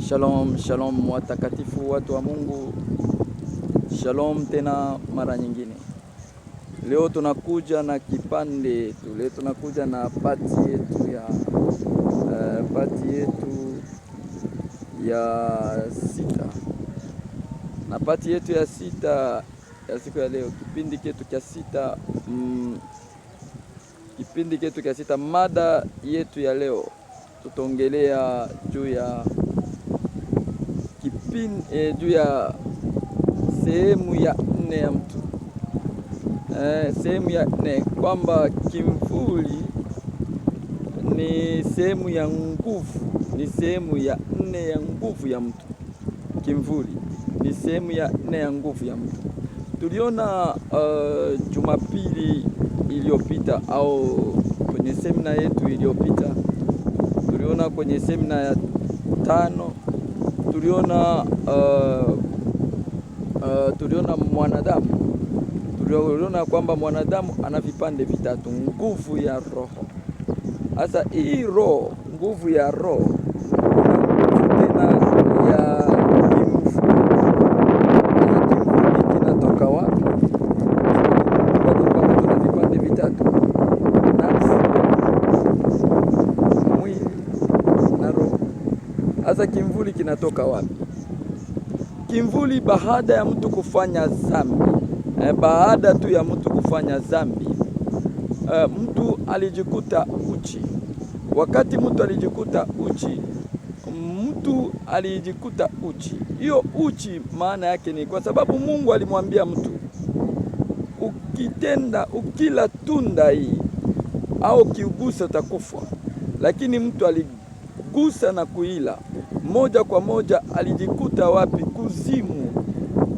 Shalom, shalom watakatifu, watu wa Mungu, shalom tena mara nyingine. Leo tunakuja na kipande yetu, leo tunakuja na pati yetu ya uh, pati yetu ya sita na pati yetu ya sita ya siku ya leo, kipindi chetu cha sita mm, kipindi chetu cha sita, mada yetu ya leo tutaongelea juu ya pin e, juu ya sehemu ya nne ya mtu e, sehemu ya nne kwamba kimvuli ni sehemu ya nguvu, ni sehemu ya nne ya nguvu ya mtu. Kimvuli ni sehemu ya nne ya nguvu ya mtu. Tuliona uh, Jumapili iliyopita au kwenye semina yetu iliyopita, tuliona kwenye semina ya tano tuliona uh, uh, tuliona mwanadamu tuliona kwamba mwanadamu ana vipande vitatu: nguvu ya roho. hasa hii roho, nguvu ya roho Sasa kimvuli kinatoka wapi? Kimvuli baada ya mtu kufanya dhambi e, eh, baada tu ya mtu kufanya dhambi e, eh, mtu alijikuta uchi. Wakati mtu alijikuta uchi, mtu alijikuta uchi, hiyo uchi maana yake ni kwa sababu Mungu alimwambia mtu ukitenda, ukila tunda hii au kiugusa utakufa, lakini mtu aligusa na kuila moja kwa moja alijikuta wapi? Kuzimu.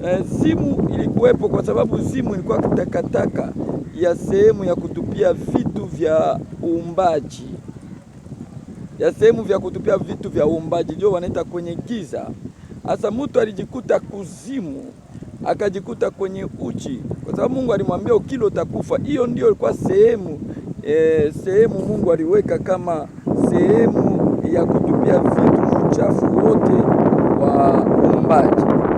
E, zimu ilikuwepo kwa sababu zimu ilikuwa takataka ya sehemu ya kutupia vitu vya uumbaji, ya sehemu vya kutupia vitu vya uumbaji, ndio wanaita kwenye giza. Hasa mtu alijikuta kuzimu, akajikuta kwenye uchi, kwa sababu Mungu alimwambia ukilo utakufa. Hiyo ndio ilikuwa sehemu e, sehemu Mungu aliweka kama sehemu ya kutupia vitu uchafu wote wa uumbaji.